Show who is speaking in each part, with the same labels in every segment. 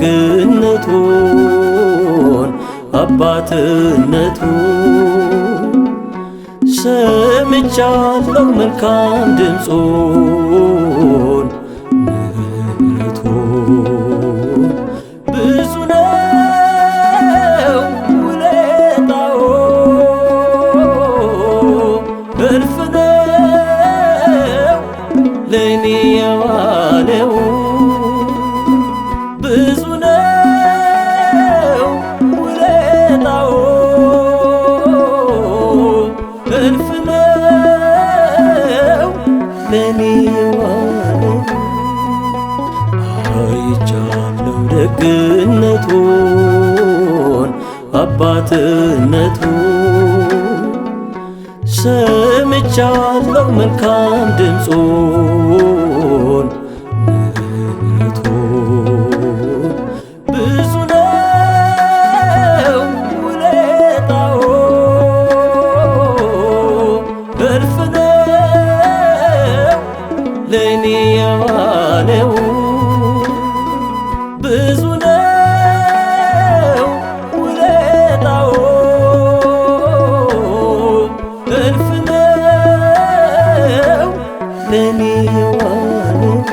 Speaker 1: ደግነቱን አባትነቱን ሰምቻለሁ መልካም ድምፁ ነው ውለታዎ እልፍ ነው ለኔ አይቻለው ደግነቱን አባትነቱን ሰምቻለው መልካም ድምፁ بني والد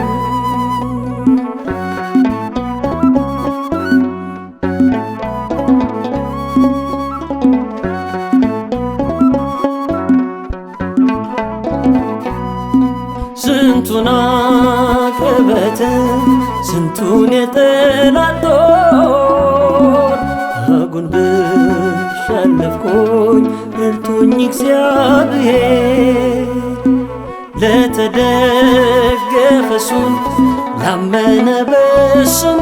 Speaker 1: ስንቱን አፈበተ ስንቱን የጠላት ጦር አጉንብሻ አለፍኩኝ እርቱኝ እግዚአብሔር ለተደገፈሱ ላመነ በስሙ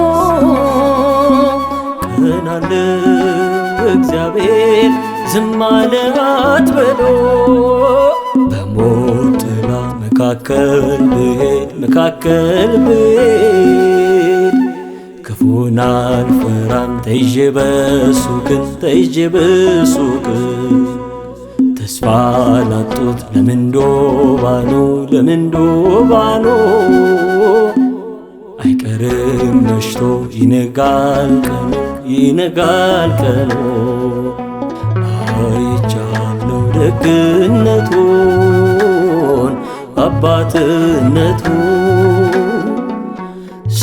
Speaker 1: ቀናለ እግዚአብሔር ዝም አለ አትበሎ በሞት ጥላ መካከል ብሄድ መካከል ብሄድ ክፉን አልፈራም ተይዤ በሱ ግን ተይዤ በሱ ግን ተስፋ ላጡት ለምንዶባኖ ለምንዶባኖ አይቀርም መሽቶ ይነጋል ቀኑ ይነጋል ቀኑ አይቻለው ደግነቱን አባትነቱን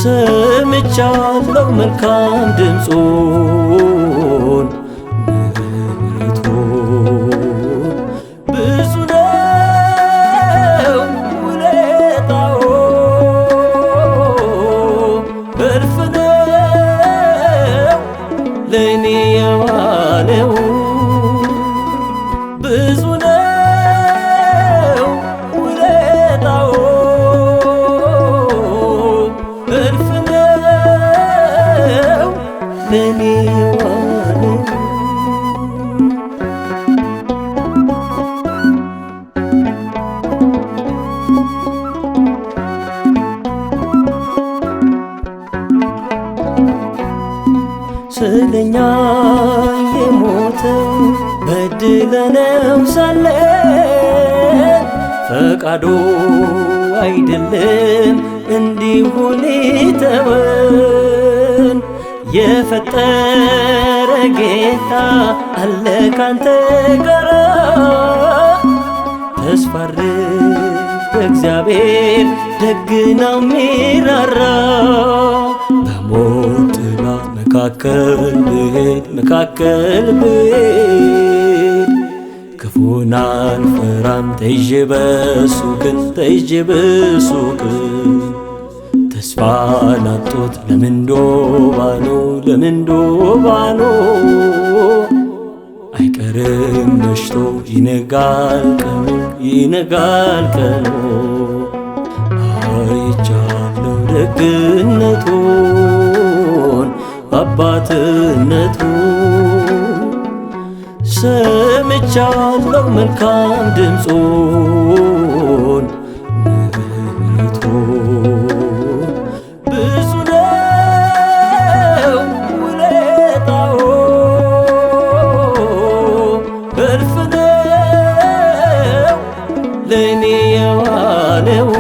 Speaker 1: ሰምቻለው መልካም ድምፁ ሆነንም ሳለን ፈቃዱ አይደለም እንዲሆን ተወን። የፈጠረ ጌታ አለ ካንተ ጋራ ተስፋር በእግዚአብሔር ደግናው ሚራራ በሞት ጥላ መካከል ብሄድ መካከል ብሄድ ሕጉን አንፈራም ተይዤ በሱቅን ተይዤ በሱቅ ተስፋ ላጡት ለምንዶ ባኖ ለምንዶ ባኖ አይቀርም መሽቶ ይነጋል ቀኑ ይነጋል ቀኑ አይቻለው ደግነቱን አባትነቱን ሰምቻለሁ መልካም ድምፁን ምህረቱ ብዙ ነው ውለታው እልፍ ነው ለእኔ የዋለው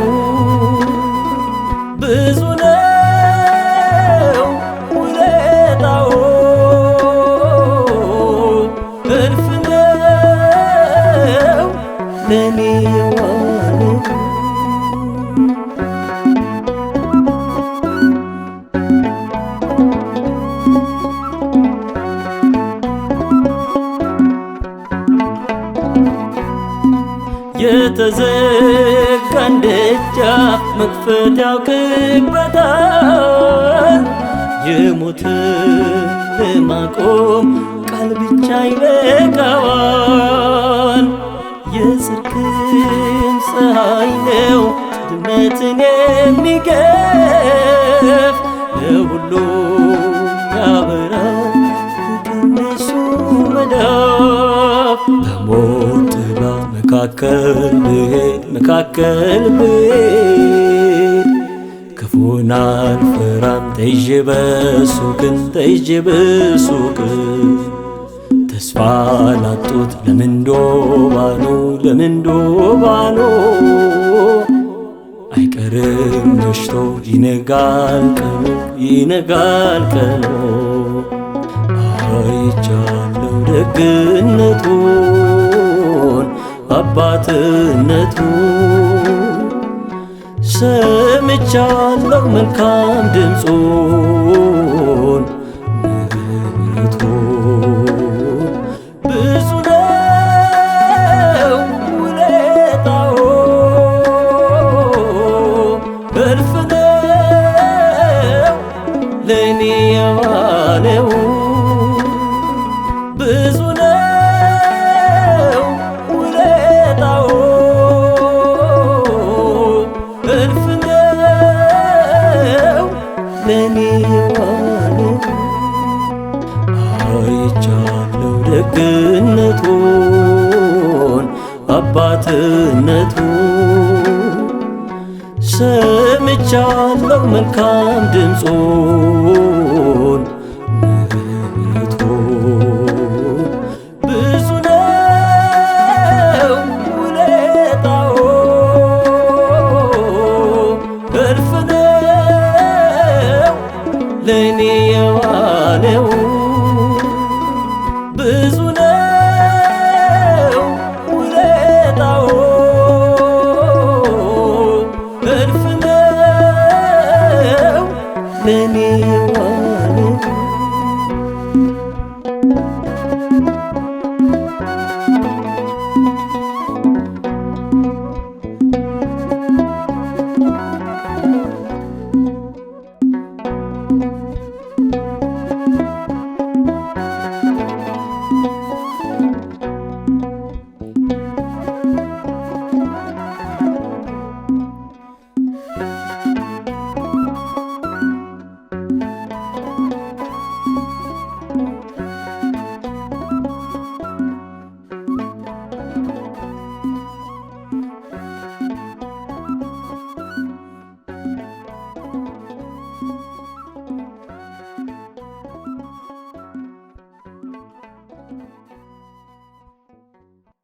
Speaker 1: የተዘጋን ደጃፍ መክፈት ያውቅበታል። የሞት ለማቆም ቃል ብቻ ይበቃዋል። ፀሐይ ነው ድመትን የሚገፍ ለሁሉ ያበራ ትንሱ መዳፍ በሞጥባ መካከል ብሄድ መካከል ብሄድ ክፉን አልፈራም ተይዤ በሱቅን ተይዤ በሱቅን ተስፋ ላጡት ለምንዶባኖ ለምንዶባኖ አይቀርም መሽቶ ይነጋል ቀኑ ይነጋል ቀኑ አይቻለው ደግነቱን አባትነቱን ሰምቻለው መልካም ድምፁን አባትነቱ ሰምቻለሁ መልካም ድምፁን ምህረቱ ብዙ ነው ውለታው እልፍ ነው ለእኔ የዋለው